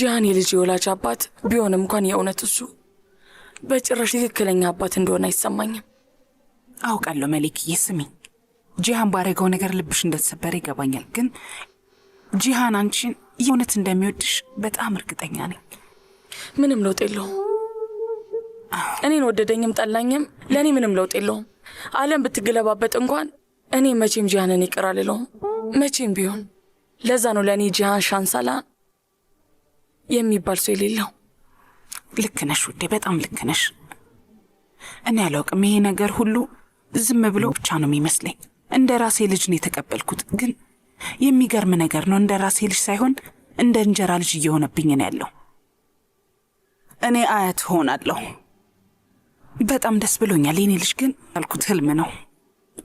ጂያን የልጅ የወላጅ አባት ቢሆንም እንኳን የእውነት እሱ በጭራሽ ትክክለኛ አባት እንደሆነ አይሰማኝም። አውቃለሁ መሌክዬ፣ ስሚ ጂሃን ባረገው ነገር ልብሽ እንደተሰበረ ይገባኛል። ግን ጂሃን አንቺን የእውነት እንደሚወድሽ በጣም እርግጠኛ ነኝ። ምንም ለውጥ የለውም። እኔን ወደደኝም ጠላኝም ለእኔ ምንም ለውጥ የለውም። ዓለም ብትገለባበጥ እንኳን እኔ መቼም ጂሃንን ይቅር አልለውም፣ መቼም ቢሆን ለዛ ነው ለእኔ ጂሃን ሻንሳላ የሚባል ሰው የሌለው። ልክ ነሽ ውዴ፣ በጣም ልክ ነሽ። እኔ አላውቅም፣ ይሄ ነገር ሁሉ ዝም ብሎ ብቻ ነው የሚመስለኝ። እንደ ራሴ ልጅ ነው የተቀበልኩት፣ ግን የሚገርም ነገር ነው። እንደ ራሴ ልጅ ሳይሆን እንደ እንጀራ ልጅ እየሆነብኝ ነው ያለው። እኔ አያት ሆናለሁ። በጣም ደስ ብሎኛል። የኔ ልጅ ግን ያልኩት ህልም ነው።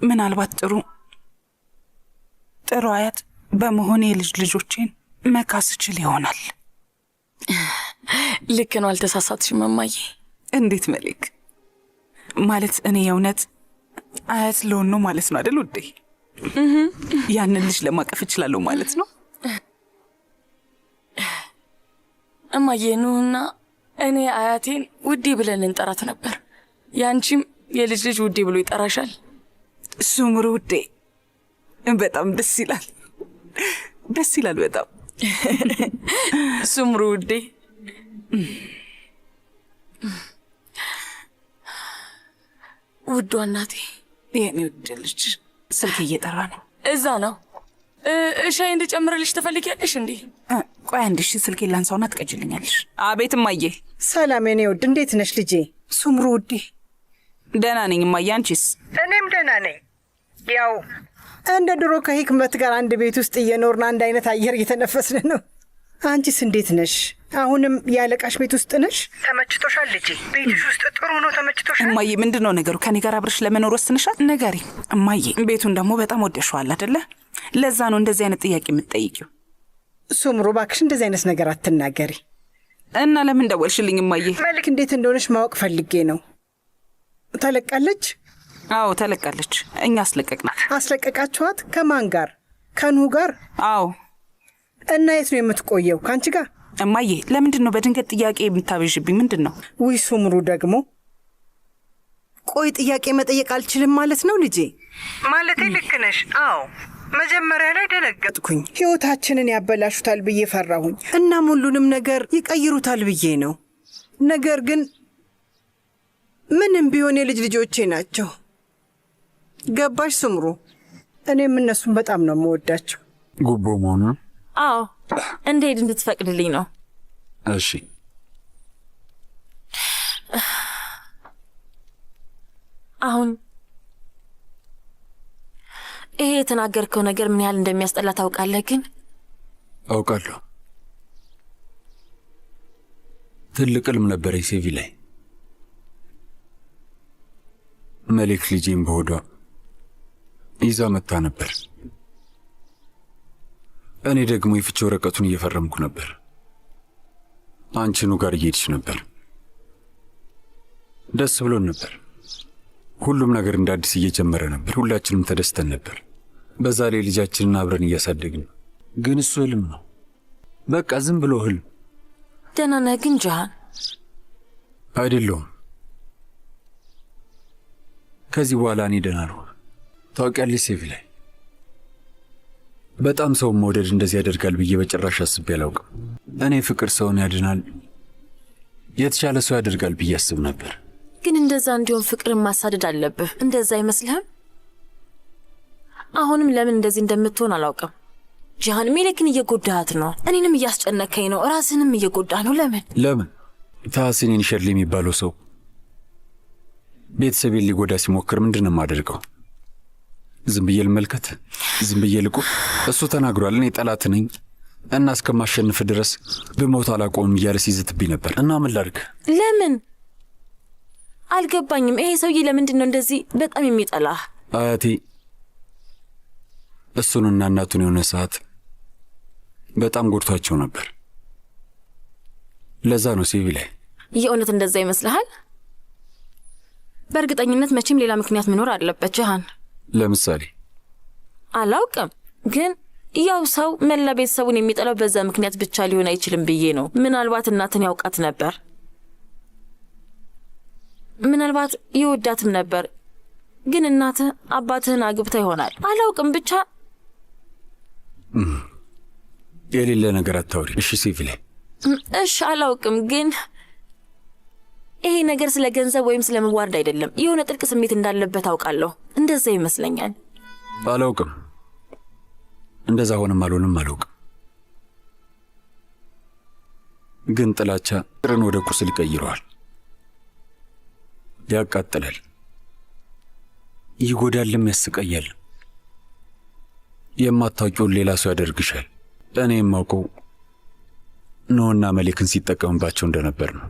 ምናልባት ጥሩ ጥሩ አያት በመሆኔ የልጅ ልጆቼን መካስ እችል ይሆናል። ልክ ነው፣ አልተሳሳትሽም እማዬ። እንዴት መሌክ ማለት እኔ የእውነት አያት ልሆን ነው ማለት ነው አይደል ውዴ? ያንን ልጅ ለማቀፍ እችላለሁ ማለት ነው እማዬ። ኑና እኔ አያቴን ውዴ ብለን እንጠራት ነበር። ያንቺም የልጅ ልጅ ውዴ ብሎ ይጠራሻል። ሱምሩ ውዴ፣ በጣም ደስ ይላል፣ ደስ ይላል በጣም ስምሩውዴ ውዷ እናቴ፣ ይህን ውድ ልጅ ስልክ እየጠራ ነው። እዛ ነው። ሻይ እንድጨምርልሽ ትፈልጊያለሽ እንዴ? ቆይ አንድ ሺ ላንሳውና ትቀጅልኛለሽ። አቤት እማዬ። ሰላም የኔ ውድ፣ እንዴት ነሽ ልጄ? ሱምሩ ውዴ፣ ደህና ነኝ እማዬ። አንቺስ? እኔም ደህና ነኝ። ያው እንደ ድሮ ከህክመት ጋር አንድ ቤት ውስጥ እየኖርን አንድ አይነት አየር እየተነፈስን ነው። አንቺስ እንዴት ነሽ? አሁንም ያለቃሽ ቤት ውስጥ ነሽ? ተመችቶሻል? ልጅ ቤትሽ ውስጥ ጥሩ ነው። ተመችቶሻል? እማዬ፣ ምንድን ነው ነገሩ? ከኔ ጋር አብረሽ ለመኖር ወስንሻል? ነገሪ እማዬ። ቤቱን ደግሞ በጣም ወደሸዋል አደለ? ለዛ ነው እንደዚህ አይነት ጥያቄ የምትጠይቂው። ሱምሩ፣ እባክሽ እንደዚህ አይነት ነገር አትናገሪ። እና ለምን ደወልሽልኝ እማዬ? መልክ እንዴት እንደሆነሽ ማወቅ ፈልጌ ነው። ተለቃለች አዎ ተለቃለች። እኛ አስለቀቅናት። አስለቀቃችኋት? ከማን ጋር? ከኑ ጋር? አዎ። እና የት ነው የምትቆየው? ከአንቺ ጋር? እማዬ፣ ለምንድን ነው በድንገት ጥያቄ የምታበዥብኝ? ምንድን ነው? ውይ ሱምሩ ደግሞ ቆይ ጥያቄ መጠየቅ አልችልም ማለት ነው ልጄ? ማለቴ ልክ ነሽ። አዎ መጀመሪያ ላይ ደነገጥኩኝ። ህይወታችንን ያበላሹታል ብዬ ፈራሁኝ። እናም ሁሉንም ነገር ይቀይሩታል ብዬ ነው። ነገር ግን ምንም ቢሆን የልጅ ልጆቼ ናቸው። ገባሽ ስምሩ? እኔም እነሱን በጣም ነው የምወዳቸው። ጉቦ መሆኑ? አዎ፣ እንደሄድ እንድትፈቅድልኝ ነው። እሺ። አሁን ይሄ የተናገርከው ነገር ምን ያህል እንደሚያስጠላ ታውቃለህ? ግን አውቃለሁ። ትልቅ ህልም ነበረ ሴቪ ላይ መልክ ልጄም በሆዷ ይዛ መታ ነበር። እኔ ደግሞ የፍች ወረቀቱን እየፈረምኩ ነበር። አንቺኑ ጋር እየሄድሽ ነበር። ደስ ብሎን ነበር። ሁሉም ነገር እንደ አዲስ እየጀመረ ነበር። ሁላችንም ተደስተን ነበር። በዛ ላይ ልጃችንን አብረን እያሳደግን፣ ግን እሱ ህልም ነው። በቃ ዝም ብሎ ህልም። ደህና ነህ ግን ጃሃን? አይደለሁም። ከዚህ በኋላ እኔ ደህና ነው። ታውቂያለሽ ሴቪ ላይ በጣም ሰውን መውደድ እንደዚህ ያደርጋል ብዬ በጭራሽ አስቤ አላውቅም። እኔ ፍቅር ሰውን ያድናል፣ የተሻለ ሰው ያደርጋል ብዬ አስብ ነበር። ግን እንደዛ እንዲሆን ፍቅርን ማሳደድ አለብህ። እንደዛ አይመስልህም? አሁንም ለምን እንደዚህ እንደምትሆን አላውቅም። ጃሃን ሜሌክን እየጎዳሃት ነው፣ እኔንም እያስጨነከኝ ነው፣ ራስንም እየጎዳ ነው። ለምን ለምን ታሐሲኔን ሸርሊ የሚባለው ሰው ቤተሰቤን ሊጎዳ ሲሞክር ምንድን ነው የማደርገው? ዝም ብዬ ልመልከት፣ ዝም ብዬ ልቁ። እሱ ተናግሯል፣ እኔ ጠላት ነኝ እና እስከማሸንፍ ድረስ ብሞት አላቆምም እያለ ሲዝትብኝ ነበር። እና ምን ላድርግ? ለምን አልገባኝም። ይሄ ሰውዬ ለምንድን ነው እንደዚህ በጣም የሚጠላህ? አያቴ እሱንና እናቱን የሆነ ሰዓት በጣም ጎድቷቸው ነበር። ለዛ ነው ሲቪ ላይ። የእውነት እንደዛ ይመስልሃል? በእርግጠኝነት መቼም ሌላ ምክንያት መኖር አለበት ጃሃን ለምሳሌ አላውቅም፣ ግን ያው ሰው መላ ቤተሰቡን የሚጠላው በዛ ምክንያት ብቻ ሊሆን አይችልም ብዬ ነው። ምናልባት እናትን ያውቃት ነበር፣ ምናልባት ይወዳትም ነበር። ግን እናትህ አባትህን አግብታ ይሆናል። አላውቅም ብቻ የሌለ ነገር አታውሪ። እሺ ሴቪሌ፣ እሺ አላውቅም ግን ይሄ ነገር ስለ ገንዘብ ወይም ስለ መዋረድ አይደለም። የሆነ ጥልቅ ስሜት እንዳለበት አውቃለሁ። እንደዛ ይመስለኛል። አላውቅም። እንደዛ ሆንም አልሆንም አላውቅም። ግን ጥላቻ ጥርን ወደ ቁስል ይቀይረዋል፣ ያቃጥላል፣ ይጎዳልም፣ ያስቀያል። የማታውቂውን ሌላ ሰው ያደርግሻል። እኔ የማውቀው ኖህና መሌክን ሲጠቀምባቸው እንደነበር ነው።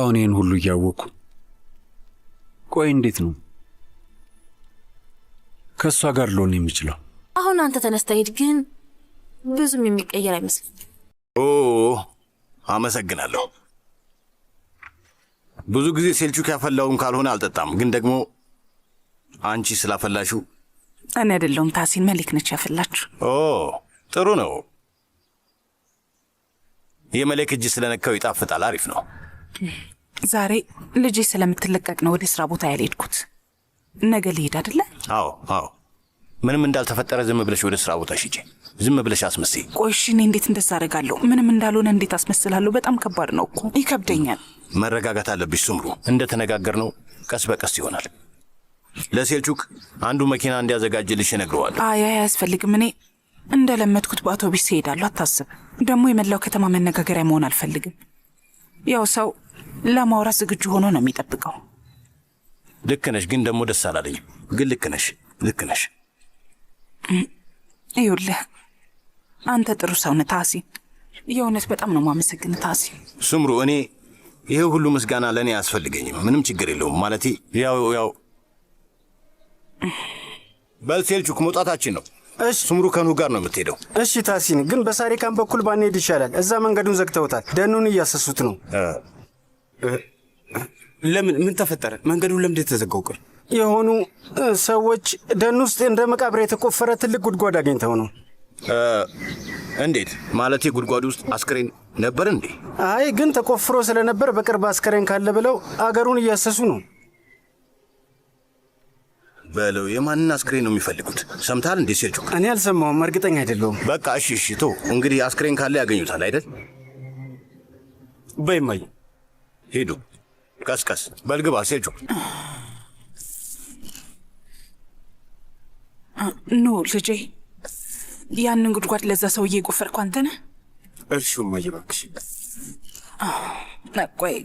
አሁን ይህን ሁሉ እያወቅኩ ቆይ እንዴት ነው ከእሷ ጋር ልሆን የሚችለው? አሁን አንተ ተነስተ ሄድ፣ ግን ብዙም የሚቀየር አይመስልም። ኦ አመሰግናለሁ። ብዙ ጊዜ ሴልቹክ ያፈላውን ካልሆነ አልጠጣም፣ ግን ደግሞ አንቺ ስላፈላሹ እኔ አይደለሁም ታሲን መሊክ ነች ያፈላችሁ። ኦ ጥሩ ነው። የመሌክ እጅ ስለነካው ይጣፍጣል። አሪፍ ነው። ዛሬ ልጄ ስለምትለቀቅ ነው ወደ ስራ ቦታ ያልሄድኩት። ነገ ልሄድ አደለ? አዎ አዎ። ምንም እንዳልተፈጠረ ዝም ብለሽ ወደ ስራ ቦታ ሽጪ። ዝም ብለሽ አስመስይ። ቆይሽ፣ እኔ እንዴት እንደዛ አደርጋለሁ? ምንም እንዳልሆነ እንዴት አስመስላለሁ? በጣም ከባድ ነው እኮ ይከብደኛል። መረጋጋት አለብሽ ስምሩ። እንደተነጋገር ነው ቀስ በቀስ ይሆናል። ለሴልቹክ አንዱ መኪና እንዲያዘጋጅልሽ እነግረዋለሁ። አይ አያስፈልግም። እኔ እንደለመድኩት በአውቶቢስ እሄዳለሁ። አታስብ። ደግሞ የመላው ከተማ መነጋገሪያ መሆን አልፈልግም። ያው ሰው ለማውራት ዝግጁ ሆኖ ነው የሚጠብቀው። ልክ ነሽ፣ ግን ደግሞ ደስ አላለኝም። ግን ልክ ነሽ፣ ልክ ነሽ። ይኸውልህ አንተ ጥሩ ሰው ታሲ። የእውነት በጣም ነው የማመሰግንህ ታሲ። ስምሩ፣ እኔ ይሄ ሁሉ ምስጋና ለእኔ አያስፈልገኝም። ምንም ችግር የለውም ማለት ያው ያው በልሴልቹክ መውጣታችን ነው። እሺ ስምሩ ከኑ ጋር ነው የምትሄደው። እሺ ታሲን፣ ግን በሳሪካን በኩል ባንሄድ ይሻላል። እዛ መንገዱን ዘግተውታል። ደኑን እያሰሱት ነው። ለምን? ምን ተፈጠረ? መንገዱን ለምንድን የተዘጋው? ቅር የሆኑ ሰዎች ደን ውስጥ እንደ መቃብር የተቆፈረ ትልቅ ጉድጓድ አግኝተው ነው። እንዴት ማለት? ጉድጓድ ውስጥ አስክሬን ነበር እንዴ? አይ፣ ግን ተቆፍሮ ስለነበር በቅርብ አስክሬን ካለ ብለው አገሩን እያሰሱ ነው። በለው የማንን አስክሬን ነው የሚፈልጉት? ሰምታል እንዴ ሴርጆ? እኔ አልሰማውም፣ እርግጠኛ አይደለሁም። በቃ እሺ፣ እሺ፣ ቶ እንግዲህ አስክሬን ካለ ያገኙታል አይደል? በይማኝ ሄዱ። ቀስቀስ በልግባ ሴጆ ኖ ልጄ፣ ያንን ጉድጓድ ለዛ ሰውዬ የቆፈርከው አንተ ነህ? እርሹማ ማየባክሽ ቆይ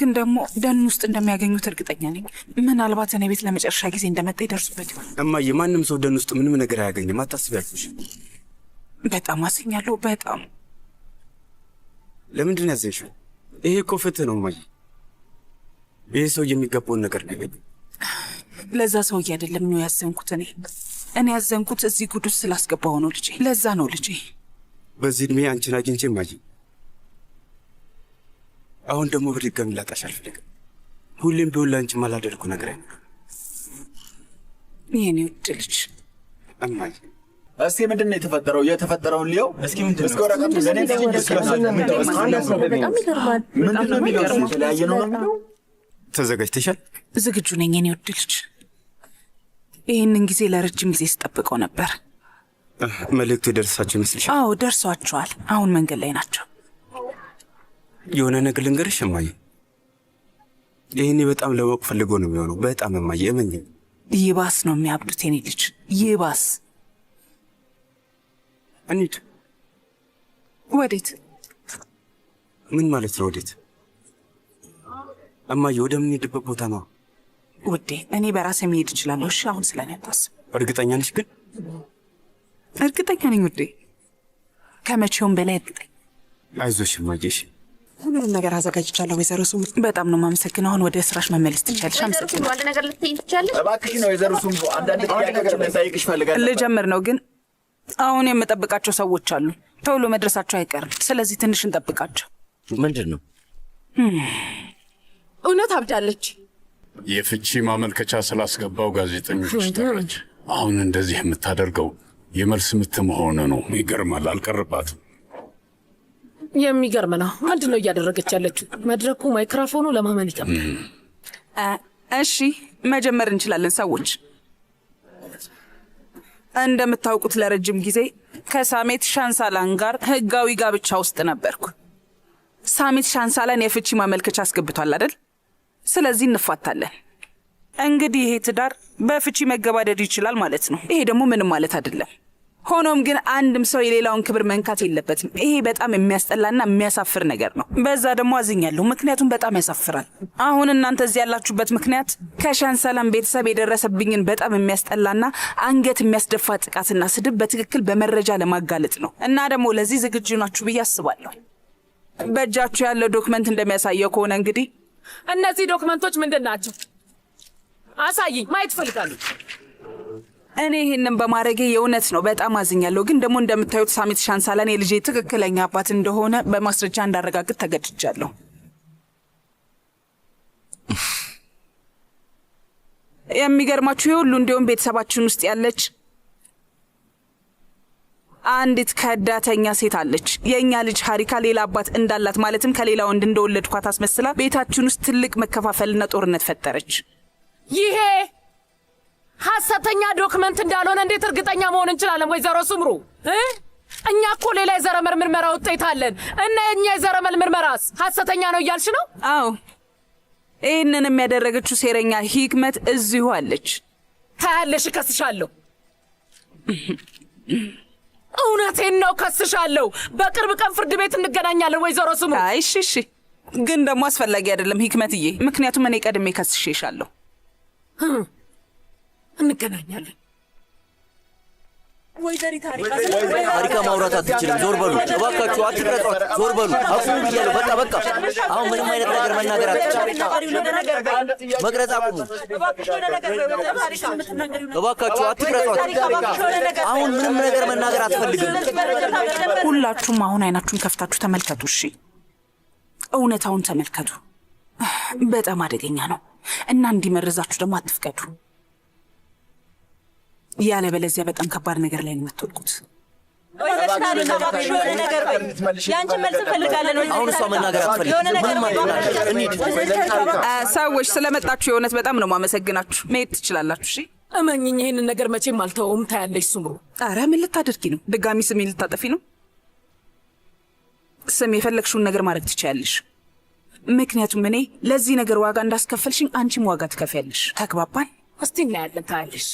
ግን ደግሞ ደን ውስጥ እንደሚያገኙት እርግጠኛ ነኝ። ምናልባት እኔ ቤት ለመጨረሻ ጊዜ እንደመጣ ይደርሱበት ይሆናል። እማዬ፣ ማንም ሰው ደን ውስጥ ምንም ነገር አያገኝም፣ አታስቢያለሽ። በጣም አዝኛለሁ። በጣም ለምንድን ነው ያዘንሽው? ይሄ እኮ ፍትህ ነው ማ ይሄ ሰው የሚገባውን ነገር ነገኝ። ለዛ ሰውዬ አይደለም ነው ያዘንኩት። እኔ እኔ ያዘንኩት እዚህ ጉድ ውስጥ ስላስገባው ነው ልጄ። ለዛ ነው ልጄ። በዚህ እድሜ አንቺን አግኝቼ ማ አሁን ደግሞ በድጋሚ ላጣሽ አልፈልግም። ሁሌም ቢሆን ለአንቺ ማላደርጉ ነገር አይነ ይህኔ ውድ ልጅ እማዬ እስኪ ምንድን ነው የተፈጠረው? የተፈጠረውን ሊየው እስኪ ምንድን ነው የሚለው? የተለያየ ነው ነው። ተዘጋጅተሻል? ዝግጁ ነኝ የኔ ውድ ልጅ። ይህንን ጊዜ ለረጅም ጊዜ ስጠብቀው ነበር። መልእክቱ የደረሳቸው ይመስልሻል? አዎ ደርሷቸዋል። አሁን መንገድ ላይ ናቸው። የሆነ ነገር ልንገርሽ እማዬ፣ ይህኔ በጣም ለማወቅ ፈልጎ ነው የሚሆነው። በጣም እማዬ፣ እመኝ። ይባስ ነው የሚያብዱት የኔ ልጅ፣ ይባስ እንሂድ። ወዴት? ምን ማለት ነው ወዴት? እማዬ፣ ወደምንሄድበት ቦታ ነው ውዴ። እኔ በራሴ መሄድ እችላለሁ። እሺ፣ አሁን ስለኔ አታስብ። እርግጠኛ ነሽ ግን? እርግጠኛ ነኝ ውዴ፣ ከመቼውም በላይ እርግጠኛ። አይዞሽ እማዬሽ፣ ሁሉንም ነገር አዘጋጅቻለሁ። ወይዘሮ ሱም በጣም ነው የማመሰግነው። አሁን ወደ ስራሽ መመለስ ትቻለሽ። አመሰግናለሁ። ነገር ልትይኝ ትቻለሽ። እባክሽ ነው ወይዘሮ ሱም፣ አንዳንድ ነገር ልጠይቅሽ ፈልጋለሁ። ልጀምር ነው ግን አሁን የምጠብቃቸው ሰዎች አሉ። ቶሎ መድረሳቸው አይቀርም። ስለዚህ ትንሽ እንጠብቃቸው። ምንድን ነው? እውነት አብዳለች። የፍቺ ማመልከቻ ስላስገባው ጋዜጠኞች ጠረች። አሁን እንደዚህ የምታደርገው የመልስ ምት ነው። ይገርማል። አልቀርባትም። የሚገርም ነው። ምንድን ነው እያደረገች ያለችው? መድረኩ ማይክሮፎኑ ለማመን ይጠብ። እሺ መጀመር እንችላለን ሰዎች እንደምታውቁት ለረጅም ጊዜ ከሳሜት ሻንሳላን ጋር ህጋዊ ጋብቻ ውስጥ ነበርኩ። ሳሜት ሻንሳላን የፍቺ ማመልከቻ አስገብቷል አደል? ስለዚህ እንፋታለን። እንግዲህ ይሄ ትዳር በፍቺ መገባደድ ይችላል ማለት ነው። ይሄ ደግሞ ምንም ማለት አይደለም። ሆኖም ግን አንድም ሰው የሌላውን ክብር መንካት የለበትም። ይሄ በጣም የሚያስጠላና የሚያሳፍር ነገር ነው። በዛ ደግሞ አዝኛለሁ፣ ምክንያቱም በጣም ያሳፍራል። አሁን እናንተ እዚህ ያላችሁበት ምክንያት ከሻንሰላም ቤተሰብ የደረሰብኝን በጣም የሚያስጠላና አንገት የሚያስደፋ ጥቃትና ስድብ በትክክል በመረጃ ለማጋለጥ ነው እና ደግሞ ለዚህ ዝግጁ ናችሁ ብዬ አስባለሁ። በእጃችሁ ያለው ዶክመንት እንደሚያሳየው ከሆነ እንግዲህ እነዚህ ዶክመንቶች ምንድን ናቸው? አሳይኝ፣ ማየት እፈልጋለሁ። እኔ ይህንን በማድረጌ የእውነት ነው በጣም አዝኛለሁ። ግን ደግሞ እንደምታዩት ሳሚት ሻንሳላን የልጄ ትክክለኛ አባት እንደሆነ በማስረጃ እንዳረጋግጥ ተገድጃለሁ። የሚገርማችሁ የሁሉ እንዲሁም ቤተሰባችን ውስጥ ያለች አንዲት ከዳተኛ ሴት አለች። የእኛ ልጅ ሀሪካ ሌላ አባት እንዳላት ማለትም ከሌላ ወንድ እንደወለድኳት አስመስላ ቤታችን ውስጥ ትልቅ መከፋፈልና ጦርነት ፈጠረች። ይሄ ሐሰተኛ ዶክመንት እንዳልሆነ እንዴት እርግጠኛ መሆን እንችላለን? ወይዘሮ ስምሩ እኛ እኮ ሌላ የዘረመል ምርመራ ውጤት አለን እና የእኛ የዘረመል ምርመራስ ሐሰተኛ ነው እያልሽ ነው? አዎ፣ ይህንን የሚያደረገችው ሴረኛ ሂክመት እዚሁ አለች። ታያለሽ፣ እከስሻለሁ። እውነቴን ነው፣ ከስሻለሁ። በቅርብ ቀን ፍርድ ቤት እንገናኛለን ወይዘሮ ስሙ። አይ እሺ፣ እሺ። ግን ደግሞ አስፈላጊ አይደለም ሂክመትዬ፣ ምክንያቱም እኔ ቀድሜ ከስሼሻለሁ። እንገናኛለን። ታሪካ ማውራት አትችልም። ዞር በሉ እባካችሁ፣ አትቅረጧት። ዞር በሉ አቁሙ ብያለሁ። በቃ በቃ፣ አሁን ምንም አይነት ነገር መናገር አትችልም። መቅረጽ አቁሙ እባካችሁ፣ አትቅረጧት። አሁን ምንም ነገር መናገር አትፈልግም። ሁላችሁም አሁን አይናችሁን ከፍታችሁ ተመልከቱ። እሺ፣ እውነታውን ተመልከቱ። በጣም አደገኛ ነው እና እንዲመርዛችሁ ደግሞ አትፍቀዱ። ያለ በለዚያ በጣም ከባድ ነገር ላይ ነው የምትወድቁት። ሰዎች ስለመጣችሁ የእውነት በጣም ነው ማመሰግናችሁ። መሄድ ትችላላችሁ። እሺ እመኝኝ፣ ይህንን ነገር መቼም አልተውም። ታያለች ሱምሩ። ኧረ ምን ልታደርጊ ነው? ድጋሚ ስሜ ልታጠፊ ነው? ስም የፈለግሽውን ነገር ማድረግ ትችያለሽ። ምክንያቱም እኔ ለዚህ ነገር ዋጋ እንዳስከፈልሽኝ አንቺም ዋጋ ትከፍያለሽ። ተግባባን? እስቲ እናያለን። ታያለሽ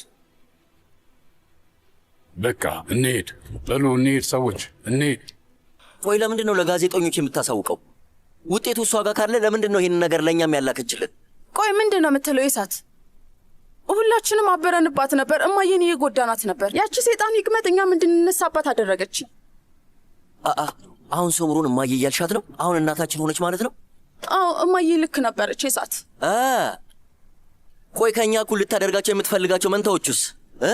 በቃ እንሄድ፣ በሉ እንሄድ፣ ሰዎች እንሄድ። ቆይ ለምንድን ነው ለጋዜጠኞች የምታሳውቀው? ውጤቱ እሷ ጋር ካለ ለምንድን ነው ይህን ነገር ለእኛም ያላከችልን? ቆይ ምንድን ነው የምትለው? የሳት ሁላችንም አበረንባት ነበር። እማዬን እየጎዳናት ነበር። ያቺ ሴጣን ይቅመጥ እኛም እንድንነሳባት አደረገች። አሁን ስምሩን እማዬ እያልሻት ነው? አሁን እናታችን ሆነች ማለት ነው? አዎ እማዬ ልክ ነበረች። የሳት ቆይ ከእኛ እኩል ልታደርጋቸው የምትፈልጋቸው መንታዎቹስ እ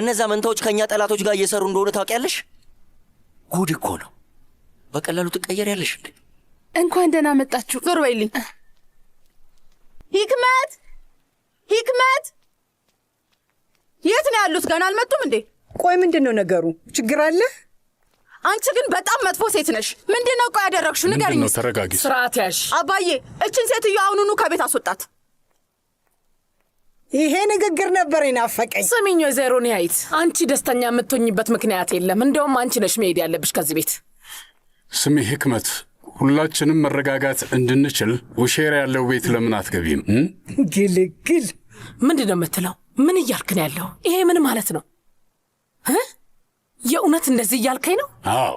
እነዛ መንታዎች ከእኛ ጠላቶች ጋር እየሰሩ እንደሆነ ታውቂያለሽ? ጉድ እኮ ነው። በቀላሉ ያለሽ እንዴ? እንኳን ደህና መጣችሁ። ዞር በይልኝ። ሂክመት ሂክመት፣ የት ነው ያሉት? ገና አልመጡም እንዴ? ቆይ ምንድን ነው ነገሩ? ችግር አለ? አንቺ ግን በጣም መጥፎ ሴት ነሽ። ምንድን ነው ቆይ ያደረግሽው? ንገሪኝ። ተረጋጊ፣ ስርዓት ያዥ። አባዬ፣ እችን ሴትዮ አሁኑኑ ከቤት አስወጣት። ይሄ ንግግር ነበር ናፈቀኝ። ስሚኝ ወይዘሮ ኒያይት፣ አንቺ ደስተኛ የምትሆኝበት ምክንያት የለም። እንደውም አንቺ ነሽ መሄድ ያለብሽ ከዚህ ቤት። ስሚ ህክመት፣ ሁላችንም መረጋጋት እንድንችል ውሼር ያለው ቤት ለምን አትገቢም? ግልግል ምንድን ነው የምትለው? ምን እያልክን ያለው? ይሄ ምን ማለት ነው? የእውነት እንደዚህ እያልከኝ ነው? አዎ።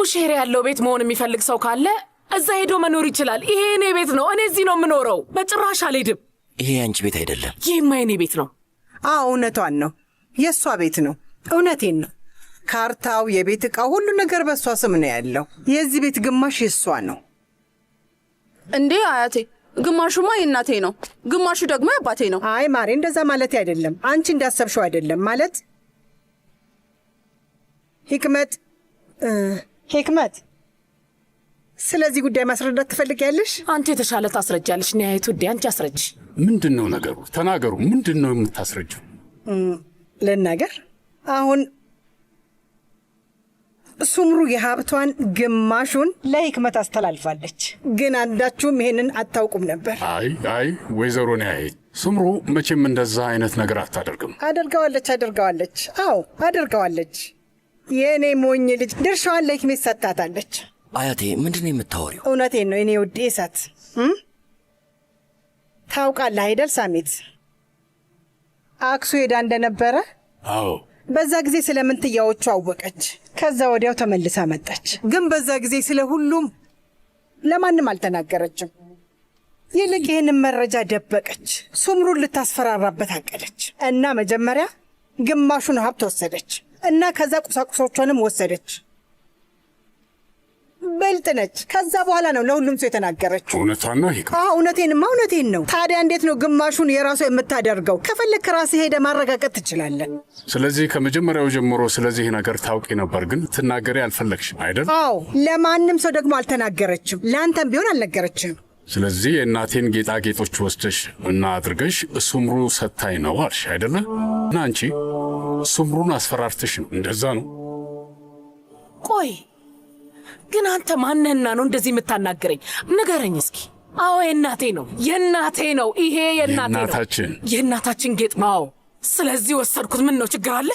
ውሼር ያለው ቤት መሆን የሚፈልግ ሰው ካለ እዛ ሄዶ መኖር ይችላል። ይሄ እኔ ቤት ነው። እኔ እዚህ ነው የምኖረው። በጭራሽ አልሄድም። ይሄ አንቺ ቤት አይደለም። ይህማ የኔ ቤት ነው። አዎ እውነቷን ነው። የእሷ ቤት ነው። እውነቴን ነው። ካርታው፣ የቤት እቃው ሁሉ ነገር በእሷ ስም ነው ያለው። የዚህ ቤት ግማሽ የእሷ ነው። እንዴ አያቴ፣ ግማሹማ የእናቴ ነው፣ ግማሹ ደግሞ የአባቴ ነው። አይ ማሬ፣ እንደዛ ማለት አይደለም። አንቺ እንዳሰብሽው አይደለም ማለት። ሂክመት ሂክመት ስለዚህ ጉዳይ ማስረዳት ትፈልጊያለሽ? አንተ የተሻለ ታስረጃለሽ። ኒያየት ውዴ፣ አንቺ አስረጅ። ምንድን ነው ነገሩ? ተናገሩ። ምንድን ነው የምታስረጅው? ልናገር አሁን ሱምሩ የሀብቷን ግማሹን ለሕክመት አስተላልፋለች፣ ግን አንዳችሁም ይሄንን አታውቁም ነበር። አይ አይ፣ ወይዘሮ ኒያየት ሱምሩ መቼም እንደዛ አይነት ነገር አታደርግም። አደርገዋለች፣ አደርገዋለች፣ አዎ አደርገዋለች። የእኔ ሞኝ ልጅ ድርሻዋን ለሕክመት ሰታታለች። አያቴ ምንድን የምታወሪው? እውነቴን ነው የኔ ውዴ እሳት። ታውቃለህ አይደል ሳሜት አክሱ ሄዳ እንደነበረ? አዎ። በዛ ጊዜ ስለ ምንትያዎቹ አወቀች። ከዛ ወዲያው ተመልሳ መጣች። ግን በዛ ጊዜ ስለ ሁሉም ለማንም አልተናገረችም። ይልቅ ይህንን መረጃ ደበቀች። ሱምሩን ልታስፈራራበት አቀደች እና መጀመሪያ ግማሹን ሀብት ወሰደች እና ከዛ ቁሳቁሶቿንም ወሰደች። ይበልጥ ነች። ከዛ በኋላ ነው ለሁሉም ሰው የተናገረችው። እውነቷና እውነቴንማ እውነቴን ነው። ታዲያ እንዴት ነው ግማሹን የራሷ የምታደርገው? ከፈለክ ራስህ ሄደ ማረጋገጥ ትችላለህ። ስለዚህ ከመጀመሪያው ጀምሮ ስለዚህ ነገር ታውቂ ነበር፣ ግን ትናገሪ አልፈለግሽም አይደል? አዎ። ለማንም ሰው ደግሞ አልተናገረችም። ለአንተም ቢሆን አልነገረችም። ስለዚህ የእናቴን ጌጣጌጦች ወስደሽ እና አድርገሽ ሱምሩ ሰታኝ ነው አልሽ አይደለ? እና አንቺ ሱምሩን አስፈራርተሽ ነው እንደዛ ነው? ቆይ ግን አንተ ማነህና ነው እንደዚህ የምታናገረኝ? ንገረኝ እስኪ። አዎ የእናቴ ነው የእናቴ ነው ይሄ የእናቴ ነው የእናታችን ጌጥ ማው። ስለዚህ ወሰድኩት። ምን ነው ችግር አለ?